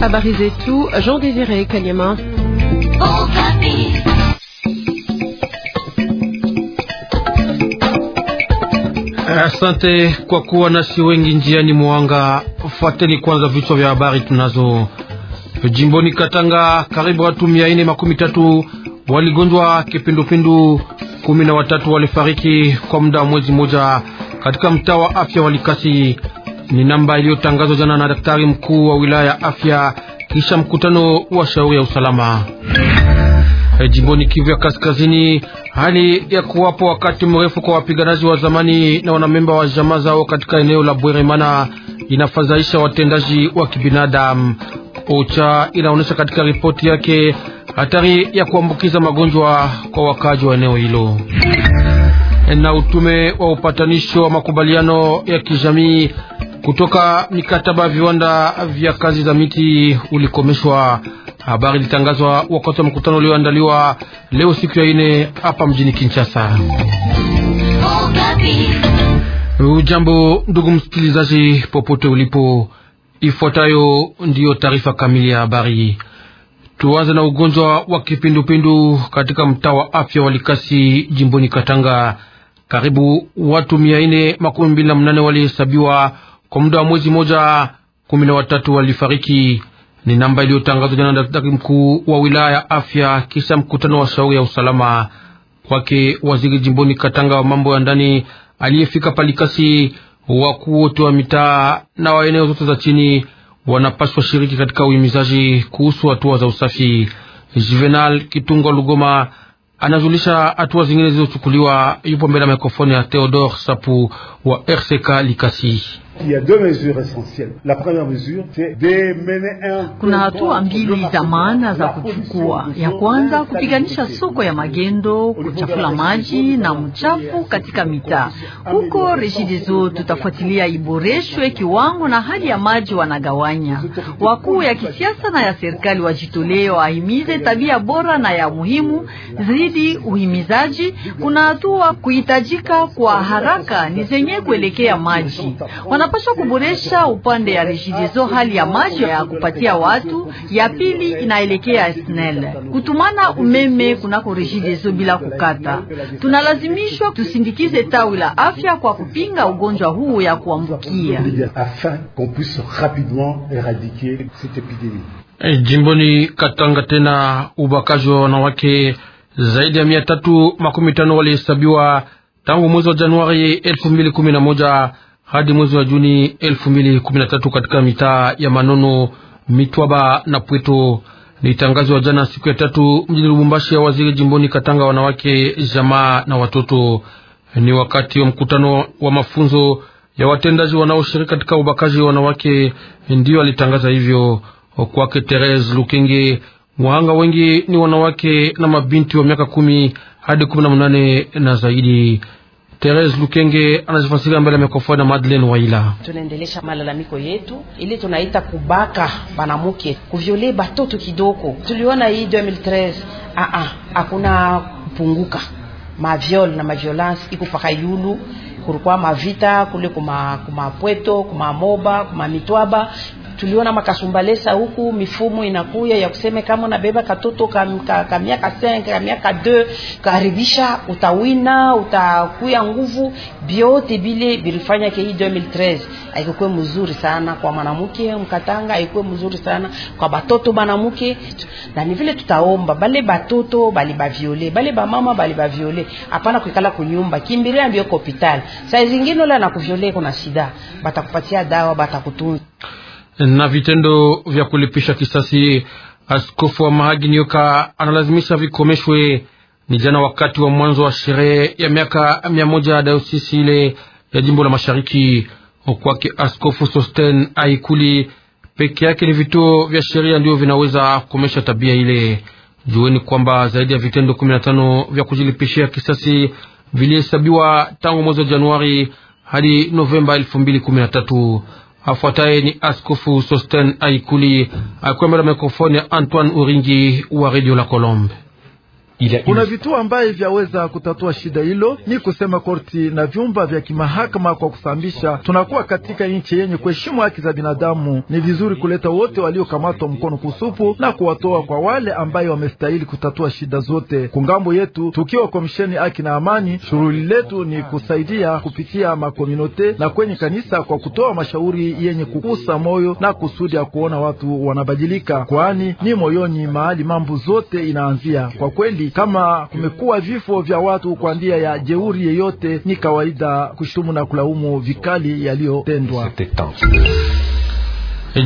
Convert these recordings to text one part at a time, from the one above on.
Habari zetu Jean Désiré Kanyama. Asante kwa kuwa nasi wengi njiani mwanga. Fuateni kwanza vichwa vya habari tunazo. Jimboni Katanga, karibu watu mia ine makumi tatu waligonjwa kipindupindu, kumi na watatu walifariki kwa muda wa mwezi mmoja katika mtaa wa afya wa Likasi ni namba iliyotangazwa jana na daktari mkuu wa wilaya ya afya kisha mkutano wa shauri ya usalama eh, jimboni Kivu ya Kaskazini. Hali ya kuwapo wakati mrefu kwa wapiganaji wa zamani na wanamemba wa jamaa zao katika eneo la Bweremana inafadhaisha watendaji wa kibinadamu. OCHA inaonyesha katika ripoti yake hatari ya kuambukiza magonjwa kwa wakaaji wa eneo hilo. Eh, na utume wa upatanisho wa makubaliano ya kijamii kutoka mikataba viwanda vya kazi za miti ulikomeshwa. Habari ilitangazwa wakati wa mkutano ulioandaliwa leo siku ya ine hapa mjini Kinshasa. Ujambo ndugu msikilizaji, popote ulipo, ifuatayo ndiyo taarifa kamili ya habari. Tuanze na ugonjwa wa kipindupindu katika mtaa wa afya wa Likasi jimboni Katanga. Karibu watu mia nne makumi mbili na mnane walihesabiwa kwa muda wa mwezi moja, kumi na watatu walifariki. Ni namba iliyotangazwa jana na daktari mkuu wa wilaya ya afya kisha mkutano wa shauri ya usalama kwake. Waziri jimboni Katanga wa mambo ya ndani aliyefika Palikasi, wakuu wote wa mitaa na wa eneo zote za chini wanapaswa shiriki katika uhimizaji kuhusu hatua za usafi. Juvenal Kitungwa Lugoma anajulisha hatua zingine zilizochukuliwa. Yupo mbele ya mikrofoni ya Theodore Sapu wa RCK Likasi. Kuna hatua mbili za maana za kuchukua. Ya kwanza, kupiganisha soko ya magendo, kuchafula maji na mchafu katika mitaa. Huko Regideso tutafuatilia iboreshwe kiwango na hali ya maji wanagawanya. Wakuu ya kisiasa na ya serikali wajitolee, wahimize tabia bora na ya muhimu zaidi uhimizaji. Kuna hatua kuhitajika kwa haraka ni zenye wenye kuelekea maji wanapaswa kuboresha upande ya rejidezo hali ya maji ya kupatia watu. Ya pili inaelekea SNEL kutumana umeme kunako rejidezo bila kukata. Tunalazimishwa tusindikize tawi la afya kwa kupinga ugonjwa huu ya kuambukia. Hey, eh, jimboni Katanga tena ubakaji wa wanawake zaidi ya mia tatu makumi tano walihesabiwa tangu mwezi wa Januari 2011 hadi mwezi wa Juni 2013 katika mitaa ya Manono, Mitwaba na Pweto. Ni tangazo wa jana siku ya tatu mjini Lubumbashi ya waziri jimboni Katanga, wanawake, jamaa na watoto. Ni wakati wa mkutano wa mafunzo ya watendaji wanaoshiriki katika ubakaji wa wanawake, ndiyo alitangaza hivyo kwake Therese Lukenge. Wahanga wengi ni wanawake na mabinti wa miaka kumi hadi kumi na mnane na zaidi. Therese Lukenge anazifasika mbele ya mikrofoni na Madeleine Waila. Tunaendelesha malalamiko yetu ili tunaita kubaka banamuke kuviole batoto kidogo. Tuliona hii 2013 ah, ah hakuna kupunguka maviol na maviolence iko paka yulu kulikuwa mavita kule kuma, kuma pweto kuma moba kuma mitwaba tuliona makasumbalesa huku, mifumo inakuya ya kusema kama unabeba katoto ka, ka, 5 ka miaka 2 karibisha, utawina utakuya nguvu. biote bile bilifanya ke hii 2013 haikuwa mzuri sana kwa mwanamke Mkatanga, haikuwa mzuri sana kwa batoto banamuke, na ni vile tutaomba bale batoto bali baviole bale ba mama bali baviole, hapana kuikala kunyumba, kimbiria ndio hospitali. Saa zingine la na kuviole kuna shida, batakupatia dawa, batakutunza na vitendo vya kulipisha kisasi. Askofu wa Mahagi Nioka analazimisha vikomeshwe. Ni jana wakati wa mwanzo wa sherehe ya miaka mia moja ya dayosisi ile ya jimbo la mashariki. Kwake Askofu Sosten Aikuli, peke yake ni vituo vya sheria ndio vinaweza kukomesha tabia ile. Jueni kwamba zaidi ya vitendo 15 vya kujilipishia kisasi vilihesabiwa tangu mwezi wa Januari hadi Novemba 2013. Afuataye ni Askofu Sosten Aikuli akiwa mikrofoni ya Antoine Uringi wa Radio la Colombe kuna vituo ambaye vyaweza kutatua shida hilo, ni kusema korti na vyumba vya kimahakama kwa kusambisha. Tunakuwa katika nchi yenye kuheshimu haki za binadamu. Ni vizuri kuleta wote waliokamatwa mkono kusupu na kuwatoa kwa wale ambaye wamestahili kutatua shida zote kungambo yetu. Tukiwa komisheni haki na amani, shughuli letu ni kusaidia kupitia makominote na kwenye kanisa kwa kutoa mashauri yenye kukusa moyo na kusudi ya kuona watu wanabadilika, kwani ni moyoni mahali mambo zote inaanzia. Kwa kweli kama kumekuwa vifo vya watu kwa njia ya jeuri yeyote, ni kawaida kushutumu na kulaumu vikali yaliyotendwa.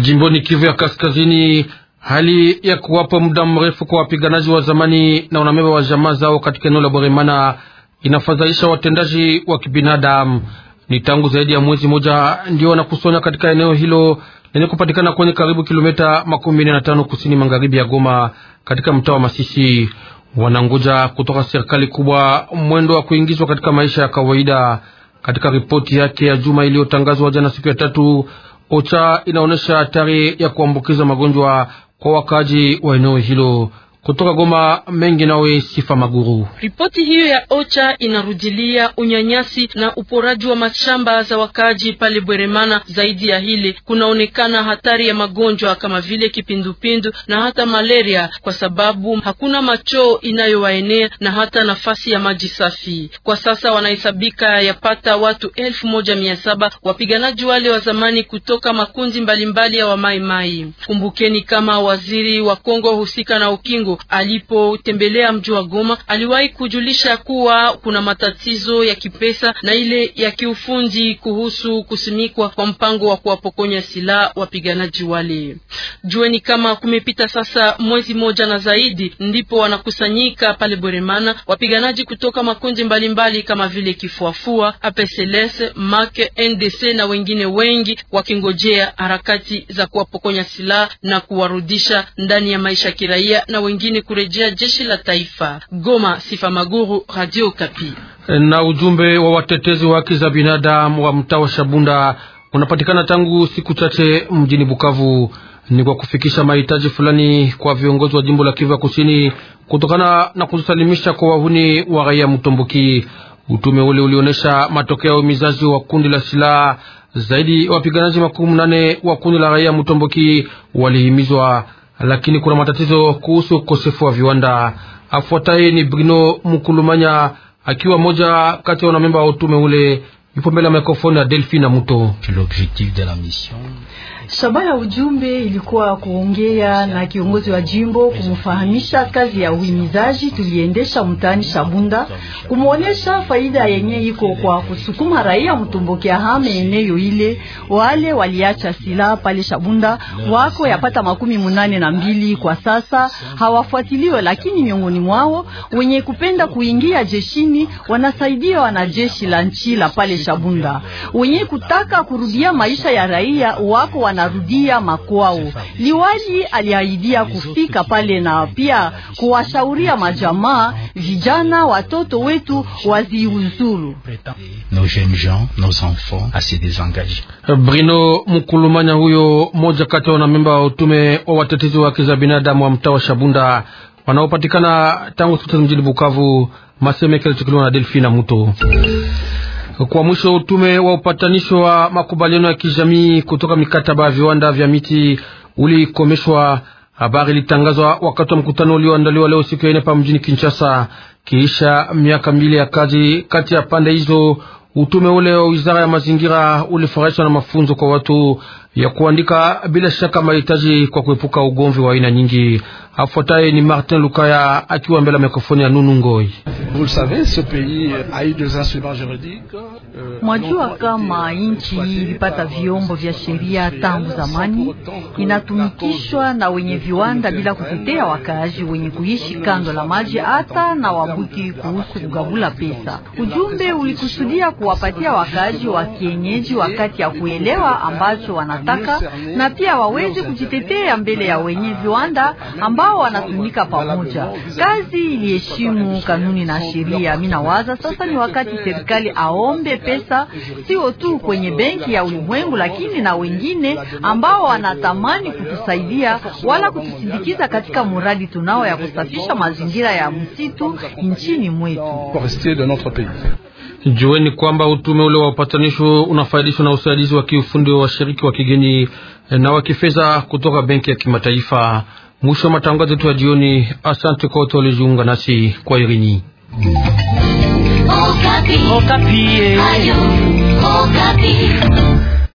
Jimboni Kivu ya Kaskazini, hali ya kuwapa muda mrefu kwa wapiganaji wa zamani na wanamemba wa jamaa zao katika eneo la Boremana inafadhaisha watendaji wa kibinadamu. Ni tangu zaidi ya mwezi moja ndio wanakusonya katika eneo hilo lenye kupatikana kwenye karibu kilomita makumi nne na tano kusini magharibi ya Goma katika mtaa wa Masisi wanangoja kutoka serikali kubwa mwendo wa kuingizwa katika maisha ya kawaida. Katika ripoti yake ya juma iliyotangazwa jana siku ya tatu, OCHA inaonyesha hatari ya kuambukiza magonjwa kwa wakaaji wa eneo hilo. Kutoka Goma mengi nawe sifa maguru. Ripoti hiyo ya OCHA inarudilia unyanyasi na uporaji wa mashamba za wakaaji pale Bweremana. Zaidi ya hili, kunaonekana hatari ya magonjwa kama vile kipindupindu na hata malaria, kwa sababu hakuna machoo inayowaenea na hata nafasi ya maji safi. Kwa sasa wanahesabika yapata watu elfu moja mia saba wapiganaji wale wa zamani kutoka makundi mbalimbali ya wamaimai. Kumbukeni kama waziri wa Kongo husika na ukingo Alipotembelea mji wa Goma, aliwahi kujulisha kuwa kuna matatizo ya kipesa na ile ya kiufundi kuhusu kusimikwa kwa mpango wa kuwapokonya silaha wapiganaji wale. Jueni kama kumepita sasa mwezi moja na zaidi, ndipo wanakusanyika pale Boremana wapiganaji kutoka makundi mbalimbali kama vile Kifuafua, APCLS, MAC, NDC na wengine wengi wakingojea harakati za kuwapokonya silaha na kuwarudisha ndani ya maisha ya kiraia na wengine nyingine kurejea jeshi la taifa. Goma, Sifa Maguru, Radio Kapi. Na ujumbe wa watetezi wa haki za binadamu wa mtaa wa Shabunda unapatikana tangu siku chache mjini Bukavu ni kwa kufikisha mahitaji fulani kwa viongozi wa jimbo la Kivu ya Kusini kutokana na kusalimisha kwa wahuni wa raia Mtomboki. Utume ule ulionyesha matokeo ya umizaji wa kundi la silaha zaidi. Wapiganaji makumi nane wa kundi la raia Mtomboki walihimizwa lakini kuna matatizo kuhusu ukosefu wa viwanda. Afuataye ni Bruno Mkulumanya akiwa moja kati ya wanamemba wa utume ule yupo mbele ya mikrofoni ya Delphine Muto. L'objectif de la mission Shabaha ya ujumbe ilikuwa kuongea na kiongozi wa jimbo, kumfahamisha kazi ya uhimizaji tuliendesha mtaani Shabunda, kumwonyesha faida yenye iko kwa kusukuma raia mtumbokea hame eneo ile. Wale waliacha silaha pale Shabunda wako yapata makumi munane na mbili kwa sasa, hawafuatiliwe, lakini miongoni mwao wenye kupenda kuingia jeshini wanasaidia wanajeshi la nchi la pale Bunda. Wenye kutaka kurudia maisha ya raia wako wanarudia makwao. Liwali aliahidia kufika pale na pia kuwashauria majamaa, vijana, watoto wetu waziuzuru. Brino Mkulumanya huyo moja kati ya wanamemba wa utume wa watetezi wa haki za binadamu wa mtaa wa Shabunda wanaopatikana tangu siku mjini Bukavu. Maseme yake na Delfina Muto. Kwa mwisho, utume wa upatanisho wa makubaliano ya kijamii kutoka mikataba ya viwanda vya miti ulikomeshwa. Habari ilitangazwa wakati wa mkutano ulioandaliwa leo siku ya ine pa mjini Kinshasa, kiisha miaka mbili ya kazi kati ya pande hizo. Utume ule wa wizara ya mazingira ulifurahishwa na mafunzo kwa watu ya kuandika bila shaka mahitaji kwa kuepuka ugomvi wa aina nyingi. Afuataye ni Martin Lukaya akiwa mbele ya mikrofoni ya Nunu Ngoi. Euh, Mwajua kama nchi hii ilipata vyombo vya sheria tangu zamani, inatumikishwa na wenye viwanda bila kutetea wakaaji wenye kuishi kando la maji, hata na wabuti kuhusu kugabula pesa. Ujumbe ulikusudia kuwapatia wakaaji wa kienyeji wakati ya kuelewa ambacho wana wanataka na pia waweze kujitetea mbele ya wenye viwanda ambao wanatumika pamoja. Kazi iliheshimu kanuni na sheria. Minawaza sasa ni wakati serikali aombe pesa sio tu kwenye benki ya ulimwengu, lakini na wengine ambao wanatamani kutusaidia wala kutusindikiza katika muradi tunao ya kusafisha mazingira ya msitu nchini mwetu. Jueni kwamba utume ule wa upatanisho unafaidishwa na usaidizi wa kiufundi wa washiriki wa kigeni eh, na wa kifedha kutoka benki ya kimataifa. Mwisho wa matangazo yetu ya jioni. Asante kwa wote waliojiunga nasi kwa irini. Okapi. Okapi. Ayu, Okapi.